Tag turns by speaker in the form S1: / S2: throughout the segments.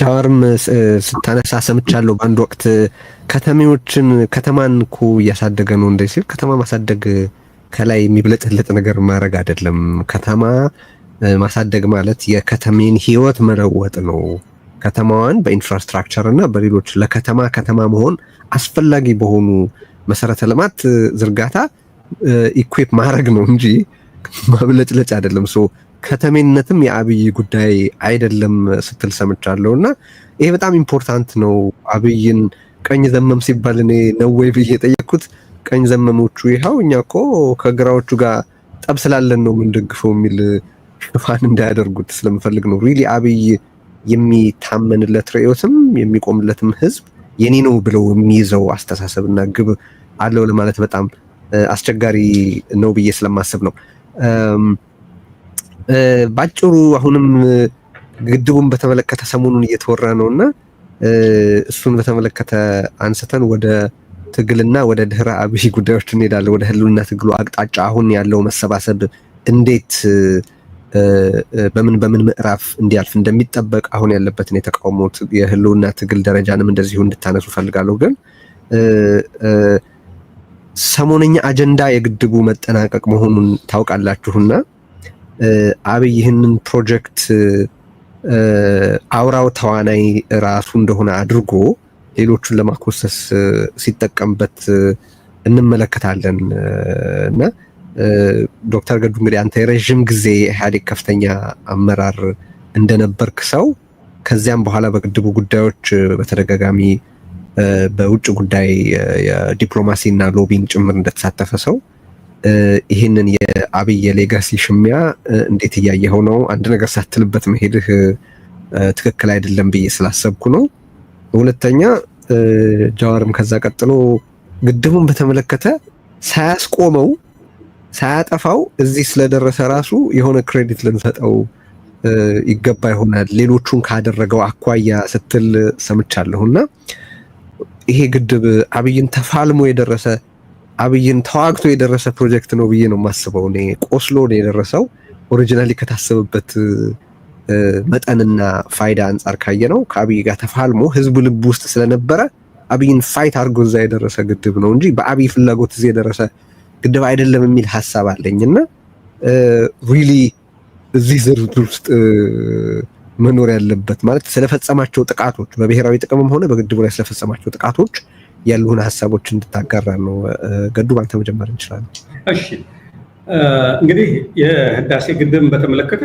S1: ሻወርም ስታነሳ ሰምቻለሁ። በአንድ ወቅት ከተሜዎችን ከተማን እኮ እያሳደገ ነው እንደ ሲል ከተማ ማሳደግ ከላይ የሚብለጥለጥ ነገር ማድረግ አይደለም። ከተማ ማሳደግ ማለት የከተሜን ህይወት መለወጥ ነው። ከተማዋን በኢንፍራስትራክቸር እና በሌሎች ለከተማ ከተማ መሆን አስፈላጊ በሆኑ መሰረተ ልማት ዝርጋታ ኢኩዌፕ ማድረግ ነው እንጂ ማብለጭለጭ አይደለም። ከተሜነትም የአብይ ጉዳይ አይደለም ስትል ሰምቻለሁ። እና ይሄ በጣም ኢምፖርታንት ነው። አብይን ቀኝ ዘመም ሲባል እኔ ነው ወይ ብዬ የጠየቅኩት ቀኝ ዘመሞቹ ይኸው እኛ እኮ ከግራዎቹ ጋር ጠብ ስላለን ነው የምንደግፈው የሚል ሽፋን እንዳያደርጉት ስለምፈልግ ነው። ሪሊ አብይ የሚታመንለት ርዕዮትም የሚቆምለትም ህዝብ የኔ ነው ብለው የሚይዘው አስተሳሰብና ግብ አለው ለማለት በጣም አስቸጋሪ ነው ብዬ ስለማስብ ነው። ባጭሩ አሁንም ግድቡን በተመለከተ ሰሞኑን እየተወራ ነው እና እሱን በተመለከተ አንስተን ወደ ትግልና ወደ ድህረ አብይ ጉዳዮች እንሄዳለን። ወደ ህልውና ትግሉ አቅጣጫ አሁን ያለው መሰባሰብ እንዴት በምን በምን ምዕራፍ እንዲያልፍ እንደሚጠበቅ አሁን ያለበትን የተቃውሞ የህልውና ትግል ደረጃንም እንደዚሁ እንድታነሱ ፈልጋለሁ። ግን ሰሞነኛ አጀንዳ የግድቡ መጠናቀቅ መሆኑን ታውቃላችሁና አብይ ይህንን ፕሮጀክት አውራው ተዋናይ ራሱ እንደሆነ አድርጎ ሌሎቹን ለማኮሰስ ሲጠቀምበት እንመለከታለን እና ዶክተር ገዱ እንግዲህ አንተ የረዥም ጊዜ ኢህአዴግ ከፍተኛ አመራር እንደነበርክ ሰው ከዚያም በኋላ በግድቡ ጉዳዮች በተደጋጋሚ በውጭ ጉዳይ የዲፕሎማሲ እና ሎቢንግ ጭምር እንደተሳተፈ ሰው ይህንን የአብይ የሌጋሲ ሽሚያ እንዴት እያየው ነው? አንድ ነገር ሳትልበት መሄድህ ትክክል አይደለም ብዬ ስላሰብኩ ነው። ሁለተኛ ጃዋርም ከዛ ቀጥሎ ግድቡን በተመለከተ ሳያስቆመው ሳያጠፋው እዚህ ስለደረሰ ራሱ የሆነ ክሬዲት ልንሰጠው ይገባ ይሆናል ሌሎቹን ካደረገው አኳያ ስትል እና ይሄ ግድብ አብይን ተፋልሞ የደረሰ አብይን ተዋግቶ የደረሰ ፕሮጀክት ነው ብዬ ነው የማስበው። እኔ ቆስሎ ነው የደረሰው። ኦሪጂናሊ ከታሰበበት መጠንና ፋይዳ አንጻር ካየ ነው ከአብይ ጋር ተፋልሞ ህዝቡ ልብ ውስጥ ስለነበረ አብይን ፋይት አድርጎ እዛ የደረሰ ግድብ ነው እንጂ በአብይ ፍላጎት እዚህ የደረሰ ግድብ አይደለም የሚል ሀሳብ አለኝ እና ሪሊ እዚህ ዝርዝር ውስጥ መኖር ያለበት ማለት ስለፈጸማቸው ጥቃቶች በብሔራዊ ጥቅምም ሆነ በግድቡ ላይ ስለፈጸማቸው ጥቃቶች ያሉን ሀሳቦች እንድታጋራ ነው። ገዱ ባንተ መጀመር እንችላለን። እሺ እንግዲህ የህዳሴ ግድብን በተመለከተ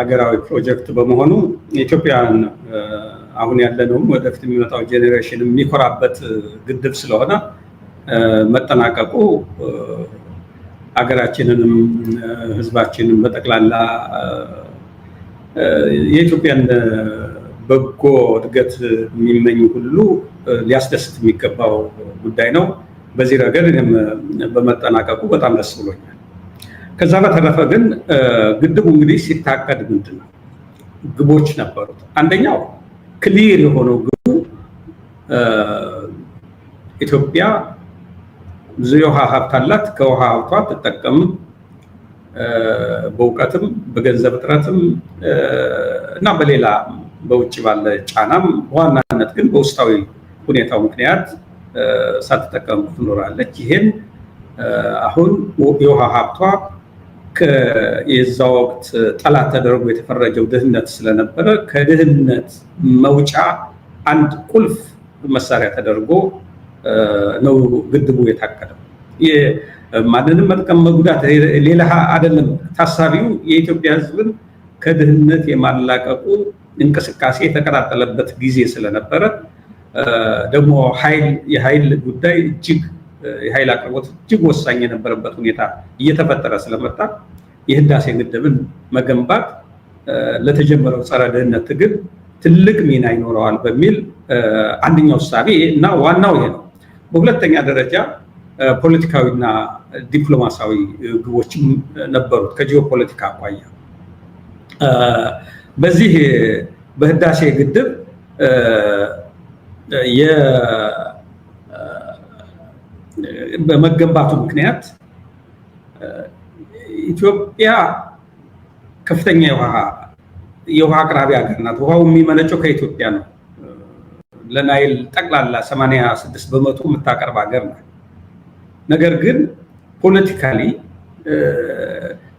S1: አገራዊ ፕሮጀክት በመሆኑ ኢትዮጵያን አሁን ያለነውም ወደፊት የሚመጣው ጄኔሬሽን የሚኮራበት ግድብ ስለሆነ መጠናቀቁ አገራችንንም ህዝባችንን በጠቅላላ የኢትዮጵያን በጎ እድገት የሚመኝ ሁሉ ሊያስደስት የሚገባው ጉዳይ ነው። በዚህ ረገድ እኔም በመጠናቀቁ በጣም ደስ ብሎኛል። ከዛ በተረፈ ግን ግድቡ እንግዲህ ሲታቀድ ምንድን ነው ግቦች ነበሩት። አንደኛው ክሊር የሆነው ግቡ ኢትዮጵያ ብዙ የውሃ ሀብት አላት፣ ከውሃ ሀብቷ ትጠቀም በእውቀትም በገንዘብ እጥረትም እና በሌላ በውጭ ባለ ጫናም፣ በዋናነት ግን በውስጣዊ ሁኔታው ምክንያት ሳትጠቀም ትኖራለች። ይሄን አሁን የውሃ ሀብቷ የዛ ወቅት ጠላት ተደርጎ የተፈረጀው ድህነት ስለነበረ ከድህነት መውጫ አንድ ቁልፍ መሳሪያ ተደርጎ ነው ግድቡ የታቀደው። ማንንም መጥቀም መጉዳት ሌላ አይደለም። ታሳቢው የኢትዮጵያ ሕዝብን ከድህነት የማላቀቁ እንቅስቃሴ የተቀጣጠለበት ጊዜ ስለነበረ ደግሞ የኃይል ጉዳይ እጅግ የኃይል አቅርቦት እጅግ ወሳኝ የነበረበት ሁኔታ እየተፈጠረ ስለመጣ የህዳሴ ግድብን መገንባት ለተጀመረው ጸረ ድህነት ትግል ትልቅ ሚና ይኖረዋል በሚል አንደኛው እሳቤ እና ዋናው ይሄ ነው። በሁለተኛ ደረጃ ፖለቲካዊና ዲፕሎማሲያዊ ግቦችም ነበሩት። ከጂኦፖለቲካ አኳያ በዚህ በህዳሴ ግድብ በመገንባቱ ምክንያት ኢትዮጵያ ከፍተኛ የውሃ አቅራቢ ሀገር ናት። ውሃው የሚመነጨው ከኢትዮጵያ ነው። ለናይል ጠቅላላ 86 በመቶ የምታቀርብ ሀገር ናት። ነገር ግን ፖለቲካሊ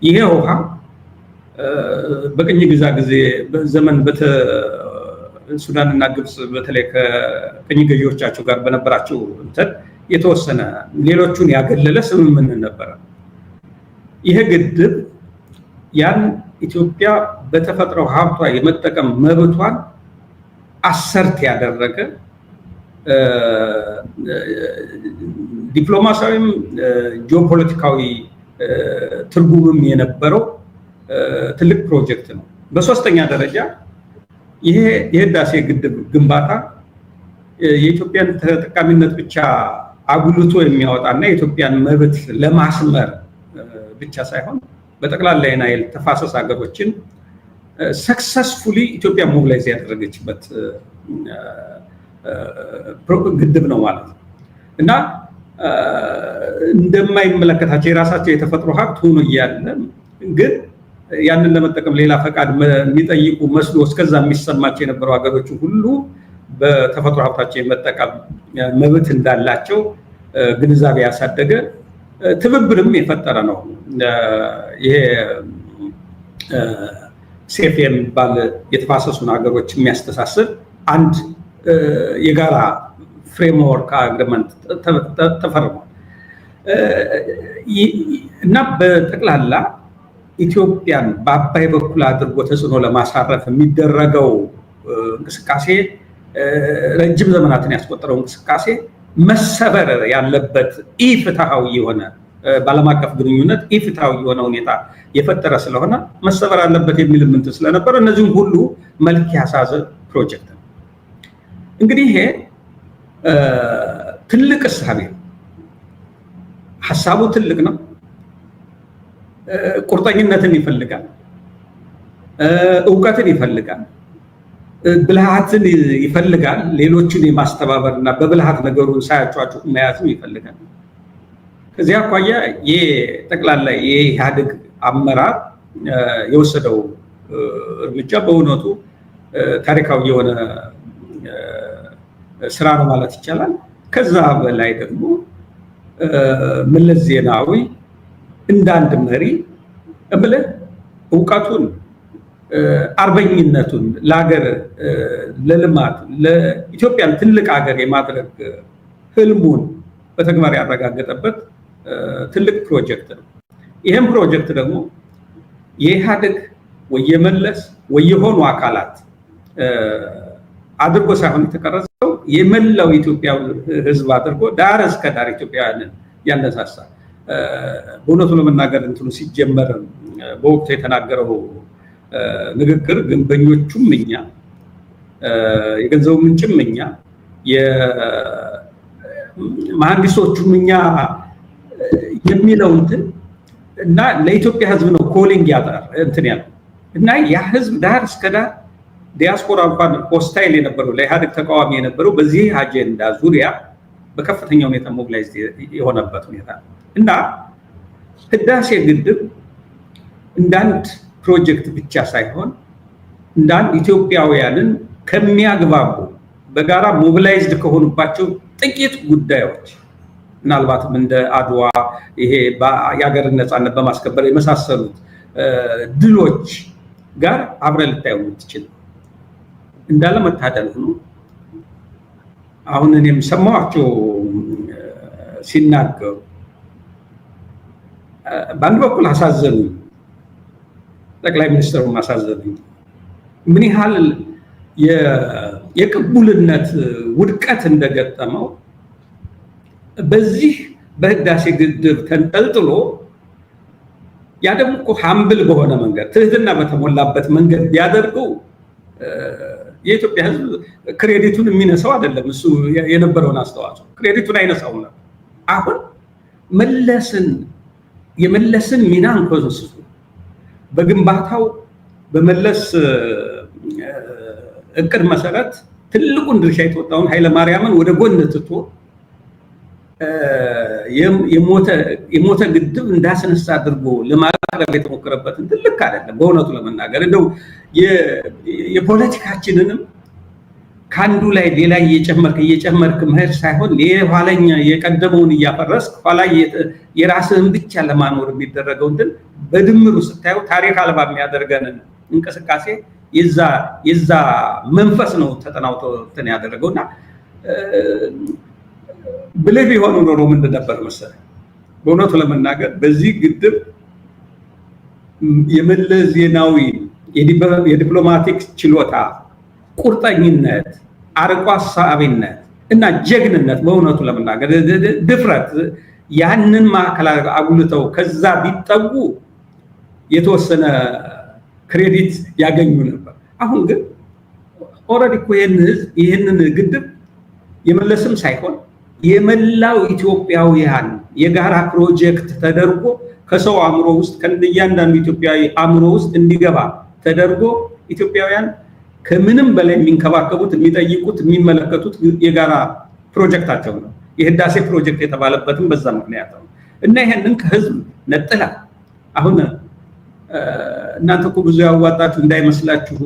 S1: ይሄ ውሃ በቅኝ ግዛ ጊዜ ዘመን ሱዳንና ግብፅ በተለይ ከቅኝ ገዢዎቻቸው ጋር በነበራቸው እንትን የተወሰነ ሌሎቹን ያገለለ ስምምነት ነበረ። ይሄ ግድብ ያን ኢትዮጵያ በተፈጥሮ ሀብቷ የመጠቀም መብቷን አሰርት ያደረገ ዲፕሎማሲያዊም ጂኦፖለቲካዊ ትርጉምም የነበረው ትልቅ ፕሮጀክት ነው። በሶስተኛ ደረጃ ይሄ የህዳሴ ግድብ ግንባታ የኢትዮጵያን ተጠቃሚነት ብቻ አጉልቶ የሚያወጣና የኢትዮጵያን መብት ለማስመር ብቻ ሳይሆን በጠቅላላ የናይል ተፋሰስ ሀገሮችን ሰክሰስፉሊ ኢትዮጵያ ሞቢላይዝ ያደረገችበት ግድብ ነው ማለት ነው እና እንደማይመለከታቸው የራሳቸው የተፈጥሮ ሀብት ሆኖ እያለ ግን ያንን ለመጠቀም ሌላ ፈቃድ የሚጠይቁ መስሎ እስከዛ የሚሰማቸው የነበሩ ሀገሮች ሁሉ በተፈጥሮ ሀብታቸው የመጠቀም መብት እንዳላቸው ግንዛቤ ያሳደገ ትብብርም የፈጠረ ነው። ይሄ ሴፍ የሚባል የተፋሰሱን ሀገሮች የሚያስተሳስር አንድ የጋራ ፍሬምወርክ አግሪመንት ተፈርሟል እና በጠቅላላ ኢትዮጵያን በአባይ በኩል አድርጎ ተጽዕኖ ለማሳረፍ የሚደረገው እንቅስቃሴ ረጅም ዘመናትን ያስቆጠረው እንቅስቃሴ መሰበር ያለበት ኢፍትሃዊ የሆነ በዓለም አቀፍ ግንኙነት ኢፍትሃዊ የሆነ ሁኔታ የፈጠረ ስለሆነ መሰበር አለበት የሚል ምንት ስለነበረ እነዚህም ሁሉ መልክ ያሳዘ ፕሮጀክት ነው። እንግዲህ ይሄ ትልቅ እሳቤ ነው። ሀሳቡ ትልቅ ነው። ቁርጠኝነትን ይፈልጋል፣ እውቀትን ይፈልጋል፣ ብልሃትን ይፈልጋል። ሌሎችን የማስተባበር እና በብልሃት ነገሩን ሳያጫጩ መያዝም ይፈልጋል። ከዚህ አኳያ ጠቅላላ የኢህአዴግ አመራር የወሰደው እርምጃ በእውነቱ ታሪካዊ የሆነ ስራ ነው ማለት ይቻላል። ከዛ በላይ ደግሞ መለስ ዜናዊ እንደ አንድ መሪ እምልህ እውቀቱን አርበኝነቱን ለሀገር ለልማት ለኢትዮጵያን ትልቅ ሀገር የማድረግ ህልሙን በተግባር ያረጋገጠበት ትልቅ ፕሮጀክት ነው። ይህም ፕሮጀክት ደግሞ የኢህአደግ ወየመለስ የመለስ አካላት አድርጎ ሳይሆን የተቀረጸው የመላው የኢትዮጵያ ህዝብ አድርጎ ዳር እስከ ዳር ኢትዮጵያውያንን ያነሳሳል። በእውነቱ ለመናገር እንትኑ ሲጀመር በወቅቱ የተናገረው ንግግር ግንበኞቹም እኛ፣ የገንዘቡ ምንጭም እኛ፣ መሐንዲሶቹም እኛ የሚለው እንትን እና ለኢትዮጵያ ሕዝብ ነው ኮሊንግ ያጠር እንትን ያለ እና ያ ሕዝብ ዳር እስከ ዳር ዲያስፖራ እንኳን ሆስታይል የነበረው ለኢህአዴግ ተቃዋሚ የነበረው በዚህ አጀንዳ ዙሪያ በከፍተኛ ሁኔታ ሞቢላይዝ የሆነበት ሁኔታ ነው። እና ህዳሴ ግድብ እንዳንድ ፕሮጀክት ብቻ ሳይሆን እንዳንድ ኢትዮጵያውያንን ከሚያግባቡ በጋራ ሞቢላይዝድ ከሆኑባቸው ጥቂት ጉዳዮች ምናልባትም እንደ አድዋ ይሄ የሀገርን ነፃነት በማስከበር የመሳሰሉት ድሎች ጋር አብረ ልታየ የምትችል መታደል ሆኖ አሁን እኔም ሰማኋቸው ሲናገሩ በአንድ በኩል አሳዘኑኝ፣ ጠቅላይ ሚኒስትሩም አሳዘኑኝ። ምን ያህል የቅቡልነት ውድቀት እንደገጠመው በዚህ በህዳሴ ግድብ ተንጠልጥሎ ያ ደግሞ እኮ ሀምብል በሆነ መንገድ ትህትና በተሞላበት መንገድ ቢያደርገው የኢትዮጵያ ሕዝብ ክሬዲቱን የሚነሳው አይደለም። እሱ የነበረውን አስተዋጽኦ ክሬዲቱን አይነሳውም ነበር። አሁን መለስን የመለስን ሚና እንኮሰስቱ በግንባታው በመለስ እቅድ መሰረት ትልቁን ድርሻ የተወጣውን ኃይለማርያምን ወደ ጎን ትቶ የሞተ ግድብ እንዳስነሳ አድርጎ ለማቅረብ የተሞከረበትን ትልቅ አይደለም። በእውነቱ ለመናገር እንደው የፖለቲካችንንም ከአንዱ ላይ ሌላ እየጨመርክ እየጨመርክ መሄድ ሳይሆን የኋለኛ የቀደመውን እያፈረስክ ኋላ የራስህን ብቻ ለማኖር የሚደረገው እንትን በድምሩ ስታየው ታሪክ አልባ የሚያደርገንን እንቅስቃሴ የዛ መንፈስ ነው ተጠናውቶ እንትን ያደረገው እና ብልህ ቢሆኑ ኖሮ ምንድን ነበር በእውነቱ ለመናገር በዚህ ግድብ የመለስ ዜናዊ የዲፕሎማቲክ ችሎታ ቁርጠኝነት፣ አርቆ አሳቢነት እና ጀግንነት በእውነቱ ለመናገር ድፍረት ያንን ማዕከል አጉልተው ከዛ ቢጠጉ የተወሰነ ክሬዲት ያገኙ ነበር። አሁን ግን ኦልሬዲ እኮ ይህን ህዝብ ይህንን ግድብ የመለስም ሳይሆን የመላው ኢትዮጵያውያን የጋራ ፕሮጀክት ተደርጎ ከሰው አእምሮ ውስጥ ከእያንዳንዱ ኢትዮጵያዊ አእምሮ ውስጥ እንዲገባ ተደርጎ ኢትዮጵያውያን ከምንም በላይ የሚንከባከቡት የሚጠይቁት የሚመለከቱት የጋራ ፕሮጀክታቸው ነው። የህዳሴ ፕሮጀክት የተባለበትም በዛ ምክንያት ነው እና ይሄንን ከህዝብ ነጥላ አሁን እናንተ እኮ ብዙ ያዋጣችሁ እንዳይመስላችሁ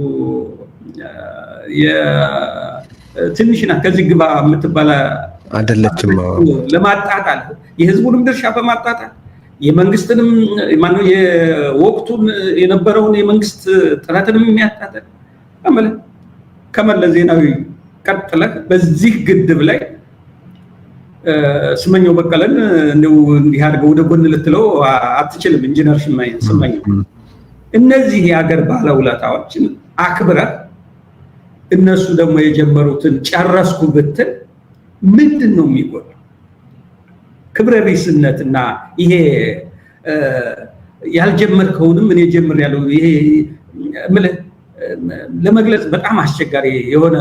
S1: ትንሽ ናት ከዚህ ግባ የምትባል አይደለችም። ለማጣጣል የህዝቡንም ድርሻ በማጣጣል የመንግስትንም የወቅቱን የነበረውን የመንግስት ጥረትንም የሚያጣጠል ከመለስ ዜናዊ ቀጥለህ በዚህ ግድብ ላይ ስመኘው በቀለን እንደው እንዲህ አድርገው ወደ ጎን ልትለው አትችልም። ኢንጂነር ስመኘው እነዚህ የሀገር ባለውለታዎችን አክብረህ እነሱ ደግሞ የጀመሩትን ጨረስኩ ብትል ምንድን ነው የሚጎዳው? ክብረ ቢስነትና ይሄ ያልጀመርከውንም እኔ ጀምር ያለው ይሄ ለመግለጽ በጣም አስቸጋሪ የሆነ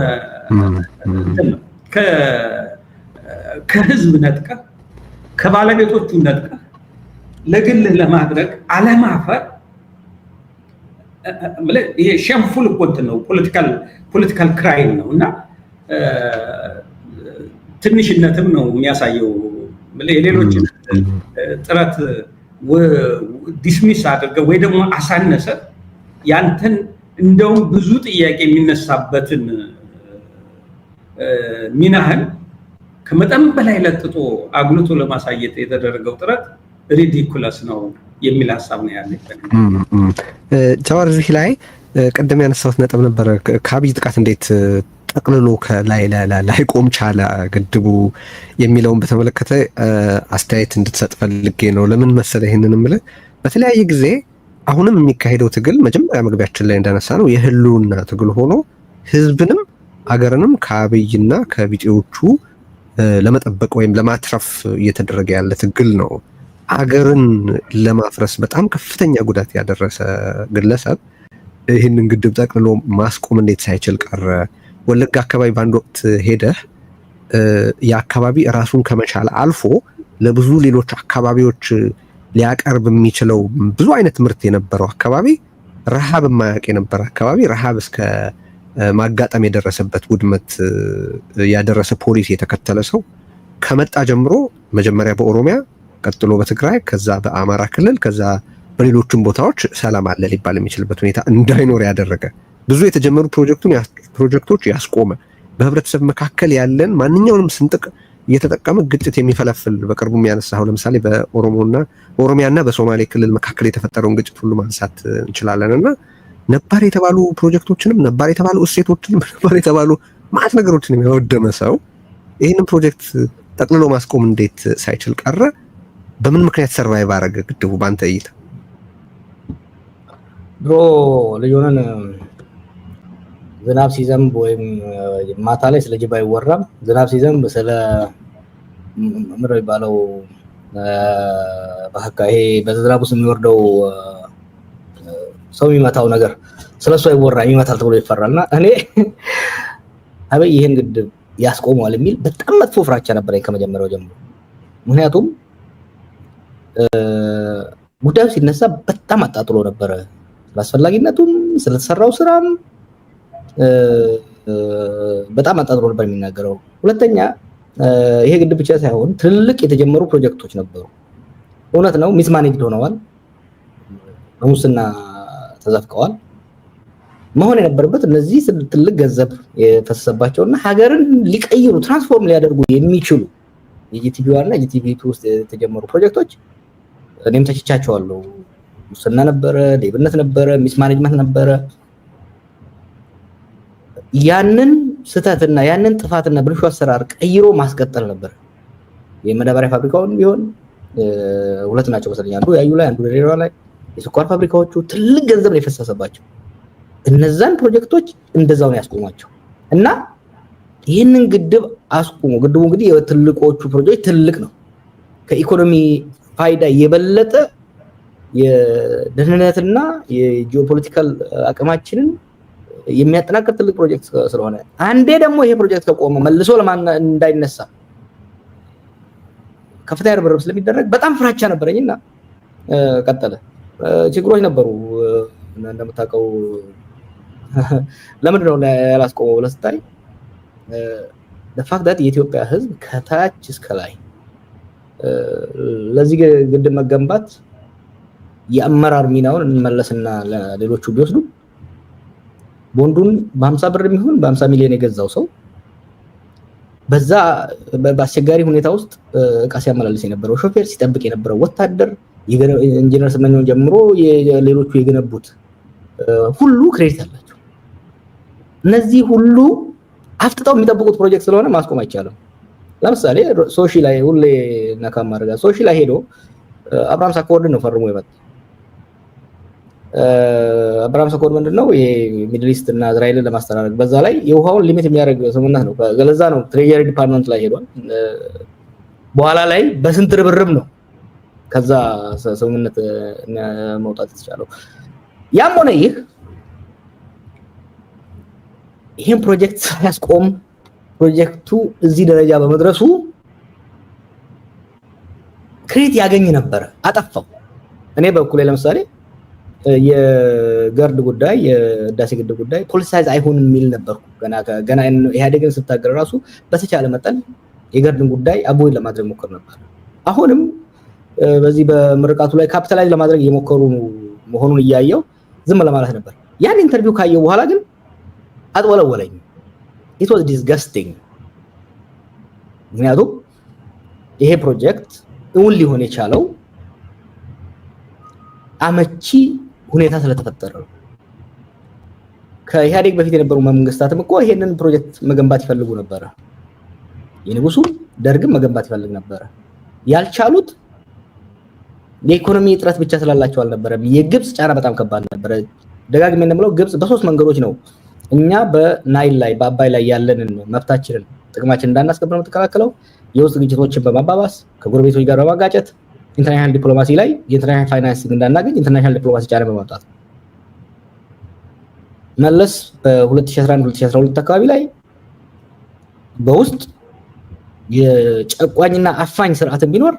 S1: ከህዝብ ነጥቀ ከባለቤቶቹ ነጥቀ ለግልህ ለማድረግ አለማፈር ይሄ ሸምፉል እኮ እንትን ነው፣ ፖለቲካል ክራይም ነው እና ትንሽነትም ነው የሚያሳየው። የሌሎች ጥረት ዲስሚስ አድርገ ወይ ደግሞ አሳነሰ ያንተን እንደውም ብዙ ጥያቄ የሚነሳበትን ሚናህን ከመጠን በላይ ለጥጦ አጉልቶ ለማሳየት የተደረገው ጥረት ሪዲኩለስ ነው የሚል ሀሳብ ነው ያለ። ጃዋር እዚህ ላይ ቅድም ያነሳሁት ነጥብ ነበረ። ከአብይ ጥቃት እንዴት ጠቅልሎ ከላይ ቆም ቻለ ግድቡ የሚለውን በተመለከተ አስተያየት እንድትሰጥ ፈልጌ ነው። ለምን መሰለ ይህንን ምልህ በተለያየ ጊዜ አሁንም የሚካሄደው ትግል መጀመሪያ መግቢያችን ላይ እንዳነሳ ነው የህልውና ትግል ሆኖ ህዝብንም አገርንም ከአብይና ከቢጤዎቹ ለመጠበቅ ወይም ለማትረፍ እየተደረገ ያለ ትግል ነው። አገርን ለማፍረስ በጣም ከፍተኛ ጉዳት ያደረሰ ግለሰብ ይህንን ግድብ ጠቅልሎ ማስቆም እንዴት ሳይችል ቀረ? ወለጋ አካባቢ በአንድ ወቅት ሄደህ የአካባቢ ራሱን ከመቻል አልፎ ለብዙ ሌሎች አካባቢዎች ሊያቀርብ የሚችለው ብዙ አይነት ምርት የነበረው አካባቢ ረሃብ የማያውቅ የነበረ አካባቢ ረሃብ እስከ ማጋጠም የደረሰበት ውድመት ያደረሰ ፖሊሲ የተከተለ ሰው ከመጣ ጀምሮ መጀመሪያ በኦሮሚያ ቀጥሎ በትግራይ ከዛ በአማራ ክልል ከዛ በሌሎቹም ቦታዎች ሰላም አለ ሊባል የሚችልበት ሁኔታ እንዳይኖር ያደረገ ብዙ የተጀመሩ ፕሮጀክቶች ያስቆመ በህብረተሰብ መካከል ያለን ማንኛውንም ስንጥቅ እየተጠቀመ ግጭት የሚፈለፍል በቅርቡ የሚያነሳው ለምሳሌ በኦሮሞና በኦሮሚያና በሶማሌ ክልል መካከል የተፈጠረውን ግጭት ሁሉ ማንሳት እንችላለን እና ነባር የተባሉ ፕሮጀክቶችንም ነባር የተባሉ እሴቶችንም ነባር የተባሉ ማት ነገሮችን የሚያወደመ ሰው ይህንን ፕሮጀክት ጠቅልሎ ማስቆም እንዴት ሳይችል ቀረ? በምን ምክንያት ሰርቫይቭ አረገ ግድቡ በአንተ እይታ? ብሮ ልዩነን ዝናብ ሲዘንብ ወይም ማታ ላይ ስለ ጅብ አይወራም። ዝናብ ሲዘንብ ስለ ምንድን የሚባለው? በቃ ይሄ በዝናብ ውስጥ የሚወርደው ሰው የሚመታው ነገር ስለሱ አይወራም፣ ይመታል ተብሎ ይፈራል። እና እኔ አብይ ይህን ግድብ ያስቆመዋል የሚል በጣም መጥፎ ፍራቻ ነበረኝ ከመጀመሪያው ጀምሮ። ምክንያቱም ጉዳዩ ሲነሳ በጣም አጣጥሎ ነበረ ስለ አስፈላጊነቱም ስለተሰራው ስራም በጣም አጣጥሮ ነበር የሚናገረው። ሁለተኛ ይሄ ግድብ ብቻ ሳይሆን ትልልቅ የተጀመሩ ፕሮጀክቶች ነበሩ። እውነት ነው፣ ሚስማኔጅድ ሆነዋል፣ በሙስና ተዘፍቀዋል። መሆን የነበረበት እነዚህ ትልቅ ገንዘብ የፈሰሰባቸው እና ሀገርን ሊቀይሩ ትራንስፎርም ሊያደርጉ የሚችሉ የጂቲቪ ዋን ጂቲቪ ቱ ውስጥ የተጀመሩ ፕሮጀክቶች እኔም ተችቻቸዋለሁ። ሙስና ነበረ፣ ሌብነት ነበረ፣ ሚስማኔጅመንት ነበረ። ያንን ስህተትና ያንን ጥፋትና ብልሹ አሰራር ቀይሮ ማስቀጠል ነበር። የመዳበሪያ ፋብሪካውን ቢሆን ሁለት ናቸው መሰለኝ፣ አንዱ ያዩ ላይ፣ አንዱ ሌላ ላይ። የስኳር ፋብሪካዎቹ ትልቅ ገንዘብ ነው የፈሰሰባቸው። እነዛን ፕሮጀክቶች እንደዛው ነው ያስቆሟቸው እና ይህንን ግድብ አስቁሙ። ግድቡ እንግዲህ የትልቆቹ ፕሮጀክት ትልቅ ነው። ከኢኮኖሚ ፋይዳ የበለጠ የደህንነትና የጂኦፖለቲካል አቅማችንን የሚያጠናክር ትልቅ ፕሮጀክት ስለሆነ አንዴ ደግሞ ይሄ ፕሮጀክት ከቆመ መልሶ ለማን እንዳይነሳ ከፍተኛ ርብርብ ስለሚደረግ በጣም ፍራቻ ነበረኝና ቀጠለ። ችግሮች ነበሩ እንደምታውቀው። ለምንድን ነው ያላስቆመው ብለህ ስታይ ለፋክት የኢትዮጵያ ሕዝብ ከታች እስከ ላይ ለዚህ ግድብ መገንባት የአመራር ሚናውን እንመለስና ሌሎቹ ቢወስዱ ቦንዱን በ50 ብር የሚሆን በ50 ሚሊዮን የገዛው ሰው በዛ በአስቸጋሪ ሁኔታ ውስጥ እቃ ሲያመላልስ የነበረው ሾፌር፣ ሲጠብቅ የነበረው ወታደር፣ ኢንጂነር ስመኘውን ጀምሮ ሌሎቹ የገነቡት ሁሉ ክሬዲት አላቸው። እነዚህ ሁሉ አፍጥጠው የሚጠብቁት ፕሮጀክት ስለሆነ ማስቆም አይቻልም። ለምሳሌ ሶሺ ላይ ሁሌ ነካ ማድረጋ ሶሺ ላይ ሄዶ አብርሃም ሳኮወርድን ነው ፈርሞ የመጣ አብርሃም ሰኮድ ምንድን ነው ይሄ ሚድል ኢስት እና እስራኤልን ለማስተናረግ በዛ ላይ የውሃውን ሊሚት የሚያደርግ ስምምነት ነው። ለዛ ነው ትሬጀሪ ዲፓርትመንት ላይ ሄዷል። በኋላ ላይ በስንት ርብርብ ነው ከዛ ስምምነት መውጣት የተቻለው። ያም ሆነ ይህ ይህን ፕሮጀክት ሳያስቆም ፕሮጀክቱ እዚህ ደረጃ በመድረሱ ክሬት ያገኝ ነበረ። አጠፋው። እኔ በኩሌ ለምሳሌ የገርድ ጉዳይ የህዳሴ ግድብ ጉዳይ ፖለቲሳይዝ አይሆንም የሚል ነበርኩ። ገና ኢህአዴግን ስታገር ራሱ በተቻለ መጠን የገርድን ጉዳይ አቦይን ለማድረግ ሞከር ነበር። አሁንም በዚህ በምርቃቱ ላይ ካፒታላይዝ ለማድረግ እየሞከሩ መሆኑን እያየው ዝም ለማለት ነበር። ያን ኢንተርቪው ካየው በኋላ ግን አጥወለወለኝ። ኢት ዋዝ ዲስጋስቲንግ። ምክንያቱም ይሄ ፕሮጀክት እውን ሊሆን የቻለው አመቺ ሁኔታ ስለተፈጠረ ነው። ከኢህአዴግ በፊት የነበሩ መንግስታትም እኮ ይሄንን ፕሮጀክት መገንባት ይፈልጉ ነበረ። የንጉሱም ደርግም መገንባት ይፈልግ ነበረ። ያልቻሉት የኢኮኖሚ እጥረት ብቻ ስላላቸው አልነበረም። የግብፅ ጫና በጣም ከባድ ነበረ። ደጋግሜ እንደምለው ግብፅ በሶስት መንገዶች ነው እኛ በናይል ላይ በአባይ ላይ ያለንን መብታችንን ጥቅማችን እንዳናስከብር የምትከላከለው የውስጥ ግጭቶችን በማባባስ ከጎረቤቶች ጋር በማጋጨት ኢንተርናሽናል ዲፕሎማሲ ላይ የኢንተርናሽናል ፋይናንስ እንዳናገኝ ኢንተርናሽናል ዲፕሎማሲ ጫና በማምጣት መለስ በ2011-2012 አካባቢ ላይ በውስጥ የጨቋኝና አፋኝ ስርዓትን ቢኖር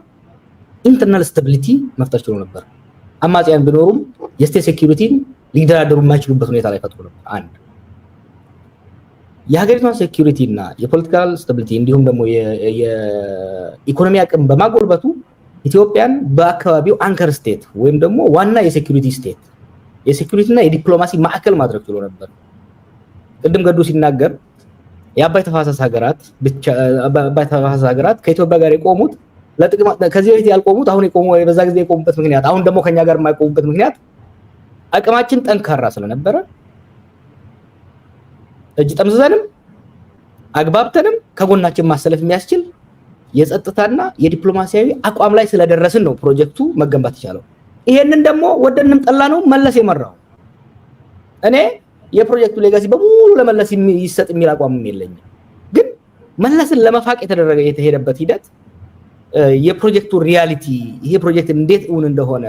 S1: ኢንተርናል ስታቢሊቲ መፍጠር ችሎ ነበር። አማጽያን ቢኖሩም የስቴት ሴኪሪቲን ሊደራደሩ የማይችሉበት ሁኔታ ላይ ፈጥሮ ነበር። አንድ የሀገሪቷን ሴኪሪቲ እና የፖለቲካል ስታቢሊቲ እንዲሁም ደግሞ የኢኮኖሚ አቅም በማጎልበቱ ኢትዮጵያን በአካባቢው አንከር ስቴት ወይም ደግሞ ዋና የሴኩሪቲ ስቴት የሴኩሪቲ እና የዲፕሎማሲ ማዕከል ማድረግ ችሎ ነበር። ቅድም ገዱ ሲናገር የአባይ ተፋሰስ ሀገራት አባይ ተፋሰስ ሀገራት ከኢትዮጵያ ጋር የቆሙት ከዚህ በፊት ያልቆሙት አሁን የቆሙ በዛ ጊዜ የቆሙበት ምክንያት አሁን ደግሞ ከኛ ጋር የማይቆሙበት ምክንያት አቅማችን ጠንካራ ስለነበረ እጅ ጠምዝዘንም አግባብተንም ከጎናችን ማሰለፍ የሚያስችል የጸጥታና የዲፕሎማሲያዊ አቋም ላይ ስለደረስን ነው ፕሮጀክቱ መገንባት የቻለው። ይሄንን ደግሞ ወደንም ጠላ ነው መለስ የመራው። እኔ የፕሮጀክቱ ሌጋሲ በሙሉ ለመለስ ይሰጥ የሚል አቋምም የለኝም። ግን መለስን ለመፋቅ የተደረገ የተሄደበት ሂደት የፕሮጀክቱ ሪያሊቲ ይሄ ፕሮጀክት እንዴት እውን እንደሆነ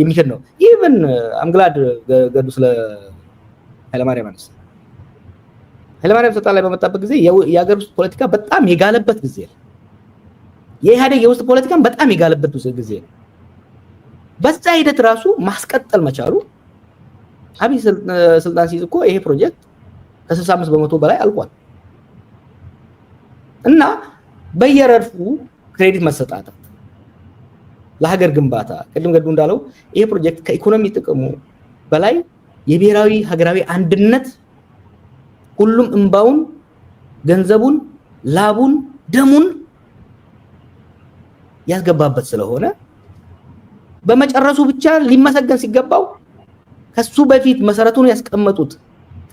S1: የሚክድ ነው። ኢቨን አምግላድ ገዱ ስለ ኃይለማርያም አነሳ ኃይለማርያም ስልጣን ላይ በመጣበት ጊዜ የሀገር ውስጥ ፖለቲካ በጣም የጋለበት ጊዜ ነው። የኢህአዴግ የውስጥ ፖለቲካ በጣም የጋለበት ጊዜ ነው። በዛ ሂደት ራሱ ማስቀጠል መቻሉ አብይ ስልጣን ሲይዝ እኮ ይሄ ፕሮጀክት ከ65 በመቶ በላይ አልቋል እና በየረድፉ ክሬዲት መሰጣጠት ለሀገር ግንባታ ቅድም ገዱ እንዳለው ይሄ ፕሮጀክት ከኢኮኖሚ ጥቅሙ በላይ የብሔራዊ ሀገራዊ አንድነት ሁሉም እምባውን፣ ገንዘቡን፣ ላቡን፣ ደሙን ያስገባበት ስለሆነ በመጨረሱ ብቻ ሊመሰገን ሲገባው ከሱ በፊት መሰረቱን ያስቀመጡት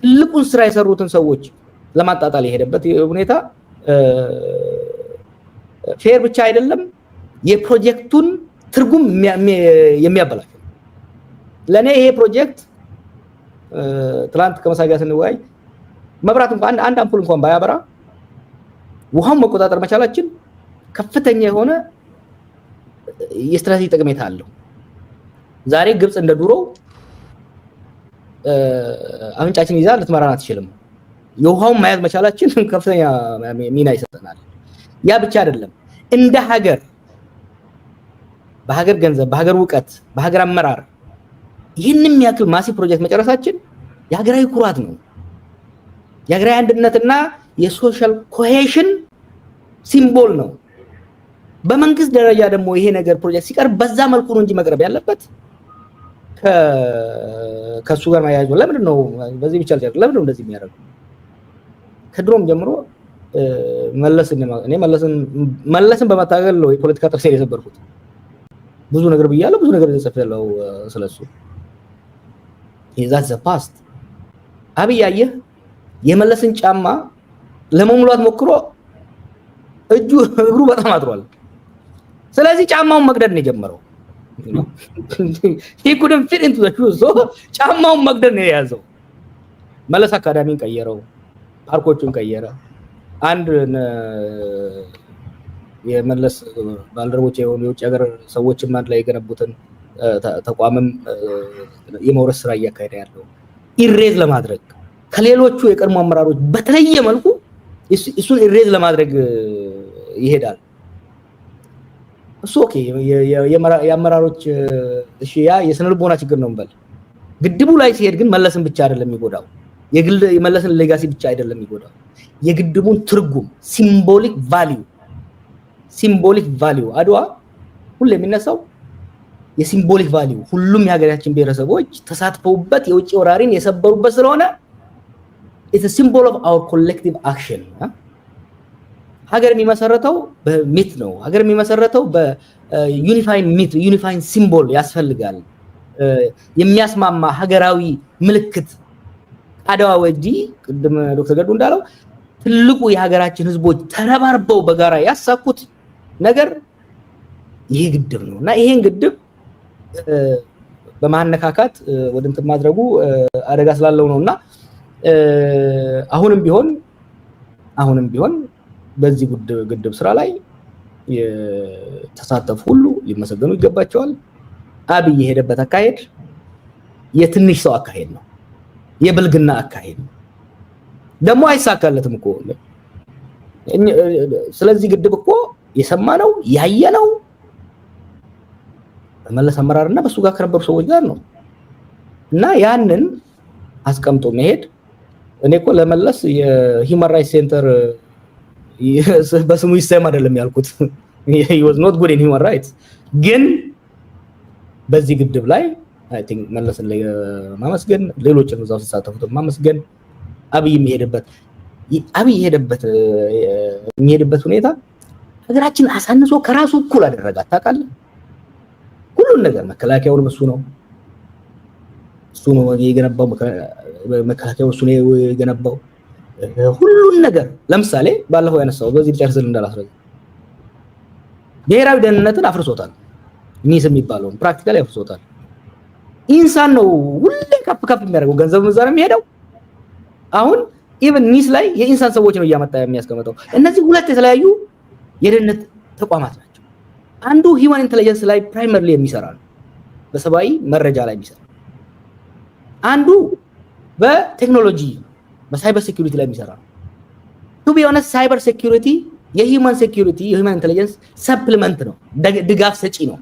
S1: ትልቁን ስራ የሰሩትን ሰዎች ለማጣጣል የሄደበት ሁኔታ ፌር ብቻ አይደለም፣ የፕሮጀክቱን ትርጉም የሚያበላሽ ለእኔ ይሄ ፕሮጀክት ትላንት ከመሳጊያ ስንወያይ መብራት እንኳ አንድ አምፑል እንኳን ባያበራ ውሃውን መቆጣጠር መቻላችን ከፍተኛ የሆነ የስትራቴጂ ጠቀሜታ አለው። ዛሬ ግብፅ እንደ ድሮ አፍንጫችን ይዛ ልትመራን አትችልም። የውሃውን መያዝ መቻላችን ከፍተኛ ሚና ይሰጠናል። ያ ብቻ አይደለም፣ እንደ ሀገር በሀገር ገንዘብ፣ በሀገር እውቀት፣ በሀገር አመራር ይህንም ያክል ማሲ ፕሮጀክት መጨረሳችን የሀገራዊ ኩራት ነው። የሀገራዊ አንድነትና የሶሻል ኮሄሽን ሲምቦል ነው። በመንግስት ደረጃ ደግሞ ይሄ ነገር ፕሮጀክት ሲቀርብ በዛ መልኩ ነው እንጂ መቅረብ ያለበት ከእሱ ጋር ማያያዝ ነው። ለምንድን ነው በዚህ ብቻ ልጨርቅ? ለምንድን ነው እንደዚህ የሚያደርጉ? ከድሮም ጀምሮ መለስን በመታገል ነው የፖለቲካ ጥርሴን የሰበርኩት። ብዙ ነገር ብያለሁ፣ ብዙ ነገር ጽፌያለሁ ስለሱ። ዛትስ ፓስት አብይ አየህ የመለስን ጫማ ለመሙላት ሞክሮ እጁ እግሩ በጣም አጥሯል። ስለዚህ ጫማውን መቅደድ ነው የጀመረው። he couldn't ፊት into the shoes ጫማውን መቅደድ ነው የያዘው። መለስ አካዳሚን ቀየረው፣ ፓርኮቹን ቀየረ። አንድ የመለስ ባልደረቦች የሆኑ የውጭ ሀገር ሰዎችም አንድ ላይ የገነቡትን ተቋምም የመውረስ ስራ እያካሄደ ያለው ኢሬዝ ለማድረግ ከሌሎቹ የቀድሞ አመራሮች በተለየ መልኩ እሱን ኢሬዝ ለማድረግ ይሄዳል። እሱ ኦኬ፣ የአመራሮች እሺ፣ ያ የስነ ልቦና ችግር ነው እንበል። ግድቡ ላይ ሲሄድ ግን መለስን ብቻ አይደለም የሚጎዳው፣ የግል የመለስን ሌጋሲ ብቻ አይደለም የሚጎዳው፣ የግድቡን ትርጉም ሲምቦሊክ ቫሊዩ ሲምቦሊክ ቫሊዩ አድዋ ሁሉ የሚነሳው የሲምቦሊክ ቫሊዩ ሁሉም የሀገራችን ብሔረሰቦች ተሳትፈውበት የውጭ ወራሪን የሰበሩበት ስለሆነ ኢትስ ሲምቦል ኦፍ አወር ኮሌክቲቭ አክሽን። ሀገር የሚመሰረተው በሚት ነው። ሀገር የሚመሰረተው በዩኒፋይን ሚት ዩኒፋይን ሲምቦል ያስፈልጋል። የሚያስማማ ሀገራዊ ምልክት አድዋ ወዲህ ቅድም ዶክተር ገዱ እንዳለው ትልቁ የሀገራችን ህዝቦች ተረባርበው በጋራ ያሳኩት ነገር ይህ ግድብ ነው እና ይሄን ግድብ በማነካካት ወደ እንትን ማድረጉ አደጋ ስላለው ነው እና አሁንም ቢሆን አሁንም ቢሆን በዚህ ግድብ ስራ ላይ የተሳተፉ ሁሉ ሊመሰገኑ ይገባቸዋል። አብይ የሄደበት አካሄድ የትንሽ ሰው አካሄድ ነው፣ የብልግና አካሄድ ነው። ደግሞ አይሳካለትም እኮ። ስለዚህ ግድብ እኮ የሰማነው ያየነው በመለስ አመራርና በሱ ጋር ከነበሩ ሰዎች ጋር ነው እና ያንን አስቀምጦ መሄድ እኔ እኮ ለመለስ የሂውማን ራይትስ ሴንተር በስሙ ይሰም አይደለም ያልኩት። ወዝ ኖት ጉድ ኢን ሂውማን ራይትስ ግን በዚህ ግድብ ላይ መለስን ማመስገን፣ ሌሎች እዛው ሲሳተፉትን ማመስገን፣ አብይ የሚሄድበት አብይ የሄደበት የሚሄድበት ሁኔታ ሀገራችን አሳንሶ ከራሱ እኩል አደረጋት። ታውቃለህ፣ ሁሉን ነገር መከላከያውን እሱ ነው እሱ ነው የገነባው መከላከያ እሱ ነው የገነባው። ሁሉን ነገር ለምሳሌ ባለፈው ያነሳው በዚህ ብቻ ስል እንዳላስረግ ብሔራዊ ደህንነትን አፍርሶታል። ሚስ የሚባለውን ፕራክቲካሊ አፍርሶታል። ኢንሳን ነው ሁሌ ከፍ ከፍ የሚያደርገው ገንዘብ ምዛር የሚሄደው አሁን ኢቨን ኒስ ላይ የኢንሳን ሰዎች ነው እያመጣ የሚያስቀምጠው። እነዚህ ሁለት የተለያዩ የደህንነት ተቋማት ናቸው። አንዱ ሂውማን ኢንቴሊጀንስ ላይ ፕራይመሪ የሚሰራ ነው፣ በሰብአዊ መረጃ ላይ የሚሰራ አንዱ በቴክኖሎጂ በሳይበር ሴኩሪቲ ላይ የሚሰራ ቱ ቢ ሆነስ ሳይበር ሴኩሪቲ የሂውማን ሴኩሪቲ የሂውማን ኢንቴሊጀንስ ሰፕሊመንት ነው፣ ድጋፍ ሰጪ ነው።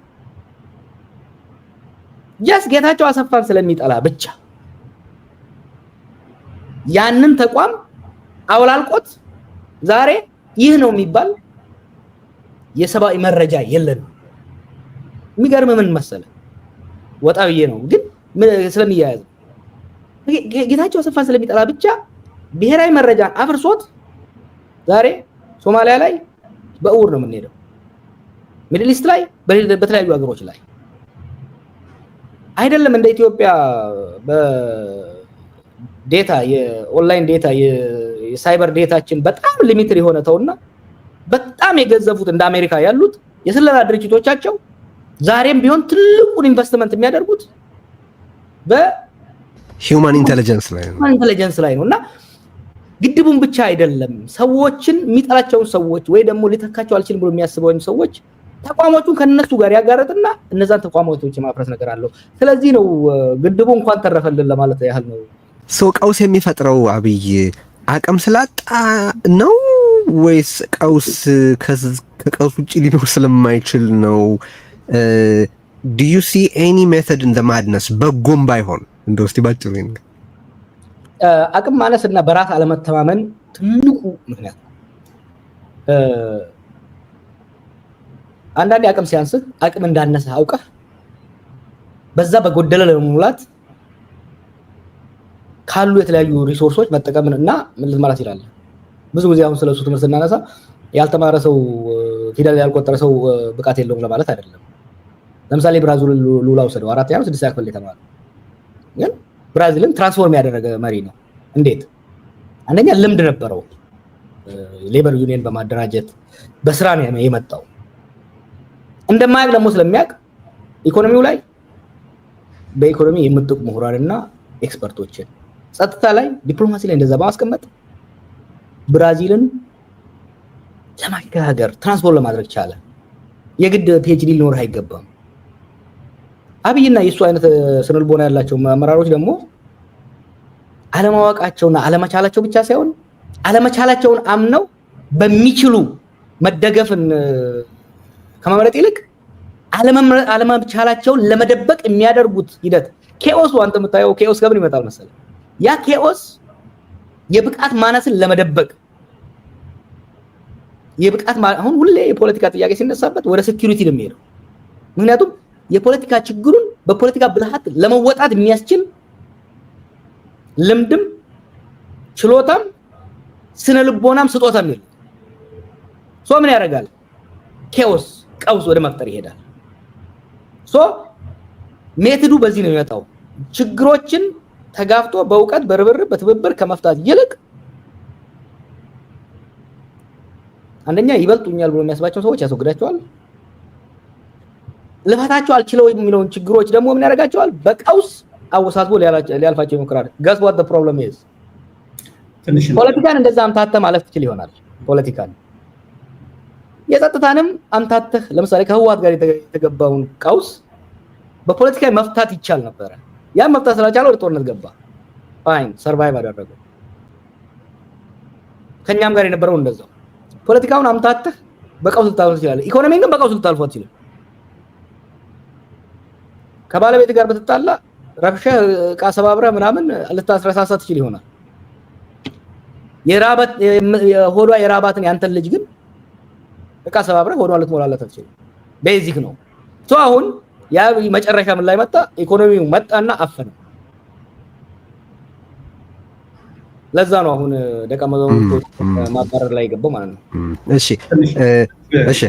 S1: ጀስ ጌታቸው አሰፋን ስለሚጠላ ብቻ ያንን ተቋም አውላልቆት ዛሬ ይህ ነው የሚባል የሰብአዊ መረጃ የለንም። የሚገርም ምን መሰለ ወጣ ብዬ ነው ግን ስለሚያያዝ ጌታቸው አሰፋን ስለሚጠላ ብቻ ብሔራዊ መረጃን አፍርሶት ዛሬ ሶማሊያ ላይ በእውር ነው የምንሄደው፣ ሚድል ኢስት ላይ በተለያዩ ሀገሮች ላይ አይደለም እንደ ኢትዮጵያ በዴታ የኦንላይን ዴታ የሳይበር ዴታችን በጣም ሊሚትድ የሆነ ተውና በጣም የገዘፉት እንደ አሜሪካ ያሉት የስለላ ድርጅቶቻቸው ዛሬም ቢሆን ትልቁን ኢንቨስትመንት የሚያደርጉት በ ሂውማን ኢንቴሊጀንስ ላይ ነው ኢንቴሊጀንስ ላይ ነው እና ግድቡን ብቻ አይደለም ሰዎችን የሚጠላቸውን ሰዎች ወይ ደግሞ ሊተካቸው አልችልም ብሎ የሚያስበውን ሰዎች ተቋሞቹን ከነሱ ጋር ያጋረጥና እነዛን ተቋማቶች የማፍረስ ነገር አለው። ስለዚህ ነው ግድቡ እንኳን ተረፈልን ለማለት ያህል ነው። ሶ ቀውስ የሚፈጥረው አብይ አቅም ስላጣ ነው ወይስ ቀውስ ከቀውስ ውጭ ሊኖር ስለማይችል ነው? ዱ ዩ ሲ ኤኒ ሜተድ ኢን ዘ ማድነስ በጎም ባይሆን እንደው እስቲ ባጭሩ አቅም ማነስ እና በራስ አለመተማመን ትልቁ ምክንያት ነው። አንዳንዴ አቅም ሲያንስህ አቅም እንዳነሰ አውቀህ በዛ በጎደለ ለመሙላት ካሉ የተለያዩ ሪሶርሶች መጠቀምን እና ምልት ማለት ይላል። ብዙ ጊዜ አሁን ስለሱ ትምህርት ስናነሳ ያልተማረ ሰው ፊደል ያልቆጠረ ሰው ብቃት የለውም ለማለት አይደለም። ለምሳሌ ብራዚል ሉላ ውሰደው አራተኛ ስድስተኛ ክፍል የተማረ ብራዚልን ትራንስፎርም ያደረገ መሪ ነው። እንዴት? አንደኛ ልምድ ነበረው። ሌበር ዩኒየን በማደራጀት በስራ ነው የመጣው። እንደማያውቅ ደግሞ ስለሚያውቅ ኢኮኖሚው ላይ በኢኮኖሚ የምጥቁ ምሁራንና ኤክስፐርቶችን፣ ጸጥታ ላይ፣ ዲፕሎማሲ ላይ እንደዛ በማስቀመጥ ብራዚልን ለማሸጋገር ትራንስፖርት ለማድረግ ቻለ። የግድ ፒኤችዲ ሊኖር አይገባም። አብይና የእሱ አይነት ስነልቦና ያላቸው አመራሮች ደግሞ አለማወቃቸውና አለመቻላቸው ብቻ ሳይሆን አለመቻላቸውን አምነው በሚችሉ መደገፍን ከመምረጥ ይልቅ አለመቻላቸውን ለመደበቅ የሚያደርጉት ሂደት ኬኦስ አንተ የምታየው ኬኦስ ከምን ይመጣል መሰለ? ያ ኬኦስ የብቃት ማነስን ለመደበቅ የብቃት አሁን ሁሌ የፖለቲካ ጥያቄ ሲነሳበት ወደ ሴኪሪቲ ነው የሚሄደው። ምክንያቱም የፖለቲካ ችግሩን በፖለቲካ ብልሃት ለመወጣት የሚያስችል ልምድም ችሎታም ስነ ልቦናም ስጦታም የለም። ሶ ምን ያደርጋል? ኬዎስ ቀውስ ወደ መፍጠር ይሄዳል። ሶ ሜትዱ በዚህ ነው የሚመጣው። ችግሮችን ተጋፍቶ በእውቀት በርብርብ በትብብር ከመፍታት ይልቅ አንደኛ ይበልጡኛል ብሎ የሚያስባቸው ሰዎች ያስወግዳቸዋል። ልፈታቸው አልችለው የሚለውን ችግሮች ደግሞ ምን ያደርጋቸዋል? በቀውስ አወሳስቦ ሊያልፋቸው ይሞክራል። ገስ ዋት ፕሮብለም ዝ ፖለቲካን እንደዛ አምታተ ማለፍ ትችል ይሆናል። ፖለቲካን የጸጥታንም አምታተህ ለምሳሌ ከህወሓት ጋር የተገባውን ቀውስ በፖለቲካ መፍታት ይቻል ነበረ። ያን መፍታት ስላልቻለ ወደ ጦርነት ገባ። ፋይን ሰርቫይቭ አደረገው። ከእኛም ጋር የነበረው እንደዛው ፖለቲካውን አምታተህ በቀውስ ልታልፎ ትችላለህ። ኢኮኖሚን ግን በቀውስ ልታልፎ ትችላል። ከባለቤት ጋር በተጣላ ረብሸህ እቃ ሰባብረህ ምናምን ልታስረሳሳ ትችል ይሆናል። የራባት ሆዷ የራባትን ያንተን ልጅ ግን እቃ ሰባብረህ ሆዷን ልትሞላለት አትችልም። ቤዚክ ነው። ሶ አሁን ያ መጨረሻ ምን ላይ መጣ? ኢኮኖሚው መጣና አፈነ። ለዛ ነው አሁን ደቀ መዛሙርቶች ማባረር ላይ የገባው ማለት ነው። እሺ እሺ